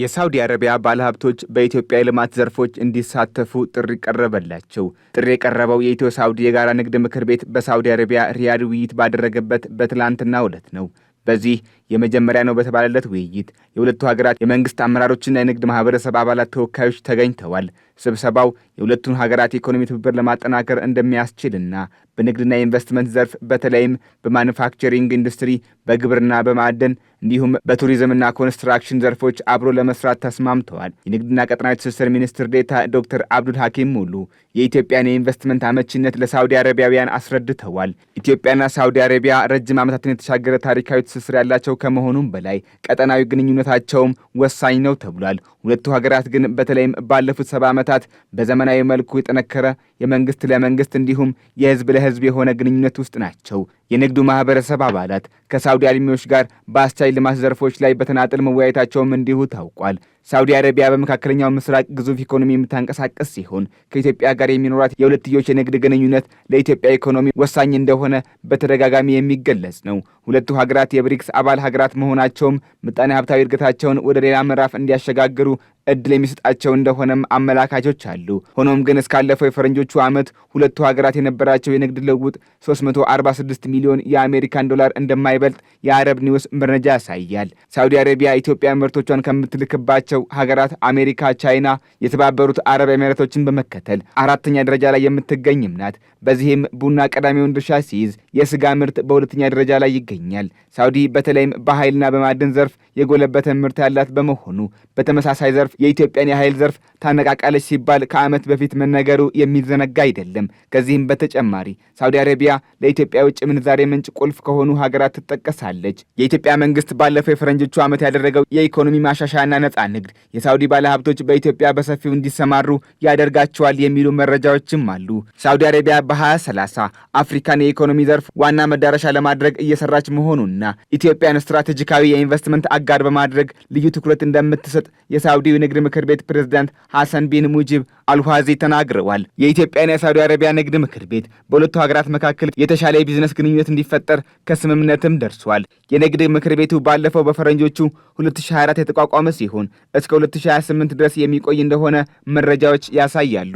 የሳውዲ አረቢያ ባለሀብቶች በኢትዮጵያ የልማት ዘርፎች እንዲሳተፉ ጥሪ ቀረበላቸው። ጥሪ የቀረበው የኢትዮ ሳውዲ የጋራ ንግድ ምክር ቤት በሳውዲ አረቢያ ሪያድ ውይይት ባደረገበት በትላንትናው ዕለት ነው። በዚህ የመጀመሪያ ነው በተባለለት ውይይት የሁለቱ ሀገራት የመንግስት አመራሮችና የንግድ ማህበረሰብ አባላት ተወካዮች ተገኝተዋል። ስብሰባው የሁለቱን ሀገራት የኢኮኖሚ ትብብር ለማጠናከር እንደሚያስችልና በንግድና የኢንቨስትመንት ዘርፍ በተለይም በማኑፋክቸሪንግ ኢንዱስትሪ፣ በግብርና፣ በማዕደን እንዲሁም በቱሪዝምና ኮንስትራክሽን ዘርፎች አብሮ ለመስራት ተስማምተዋል። የንግድና ቀጠናዊ ትስስር ሚኒስትር ዴታ ዶክተር አብዱል ሐኪም ሙሉ የኢትዮጵያን የኢንቨስትመንት አመቺነት ለሳውዲ አረቢያውያን አስረድተዋል። ኢትዮጵያና ሳውዲ አረቢያ ረጅም ዓመታትን የተሻገረ ታሪካዊ ትስስር ያላቸው ከመሆኑም በላይ ቀጠናዊ ግንኙነታቸውም ወሳኝ ነው ተብሏል። ሁለቱ ሀገራት ግን በተለይም ባለፉት ሰባ ዓመታት በዘመናዊ መልኩ የጠነከረ የመንግስት ለመንግስት እንዲሁም የህዝብ ለህዝብ የሆነ ግንኙነት ውስጥ ናቸው። የንግዱ ማህበረሰብ አባላት ከሳውዲ አልሚዎች ጋር በአስቻይ ልማት ዘርፎች ላይ በተናጠል መወያየታቸውም እንዲሁ ታውቋል። ሳውዲ አረቢያ በመካከለኛው ምስራቅ ግዙፍ ኢኮኖሚ የምታንቀሳቀስ ሲሆን ከኢትዮጵያ ጋር የሚኖራት የሁለትዮሽ የንግድ ግንኙነት ለኢትዮጵያ ኢኮኖሚ ወሳኝ እንደሆነ በተደጋጋሚ የሚገለጽ ነው። ሁለቱ ሀገራት የብሪክስ አባል ሀገራት መሆናቸውም ምጣኔ ሀብታዊ እድገታቸውን ወደ ሌላ ምዕራፍ እንዲያሸጋግሩ እድል የሚሰጣቸው እንደሆነም አመላካቾች አሉ። ሆኖም ግን እስካለፈው የፈረንጆቹ ዓመት ሁለቱ ሀገራት የነበራቸው የንግድ ልውውጥ 346 ሚሊዮን የአሜሪካን ዶላር እንደማይበልጥ የአረብ ኒውስ መረጃ ያሳያል። ሳዑዲ አረቢያ ኢትዮጵያ ምርቶቿን ከምትልክባቸው ሀገራት አሜሪካ፣ ቻይና፣ የተባበሩት አረብ ኤሚሬቶችን በመከተል አራተኛ ደረጃ ላይ የምትገኝም ናት። በዚህም ቡና ቀዳሚውን ድርሻ ሲይዝ፣ የስጋ ምርት በሁለተኛ ደረጃ ላይ ይገኛል። ሳዑዲ በተለይም በኃይልና በማዕድን ዘርፍ የጎለበተ ምርት ያላት በመሆኑ በተመሳሳይ ዘርፍ የኢትዮጵያን የኃይል ዘርፍ ታነቃቃለች ሲባል ከዓመት በፊት መነገሩ የሚዘነጋ አይደለም። ከዚህም በተጨማሪ ሳውዲ አረቢያ ለኢትዮጵያ ውጭ ምንዛሬ ምንጭ ቁልፍ ከሆኑ ሀገራት ትጠቀሳለች። የኢትዮጵያ መንግስት ባለፈው የፈረንጆቹ ዓመት ያደረገው የኢኮኖሚ ማሻሻያና ነፃ ንግድ የሳውዲ ባለሀብቶች በኢትዮጵያ በሰፊው እንዲሰማሩ ያደርጋቸዋል የሚሉ መረጃዎችም አሉ። ሳውዲ አረቢያ በ2030 አፍሪካን የኢኮኖሚ ዘርፍ ዋና መዳረሻ ለማድረግ እየሰራች መሆኑና ኢትዮጵያን ስትራቴጂካዊ የኢንቨስትመንት አጋር በማድረግ ልዩ ትኩረት እንደምትሰጥ የሳውዲው ንግድ ምክር ቤት ፕሬዝዳንት ሐሰን ቢን ሙጂብ አልኋዚ ተናግረዋል። የኢትዮጵያና የሳዑዲ አረቢያ ንግድ ምክር ቤት በሁለቱ ሀገራት መካከል የተሻለ የቢዝነስ ግንኙነት እንዲፈጠር ከስምምነትም ደርሷል። የንግድ ምክር ቤቱ ባለፈው በፈረንጆቹ 2024 የተቋቋመ ሲሆን እስከ 2028 ድረስ የሚቆይ እንደሆነ መረጃዎች ያሳያሉ።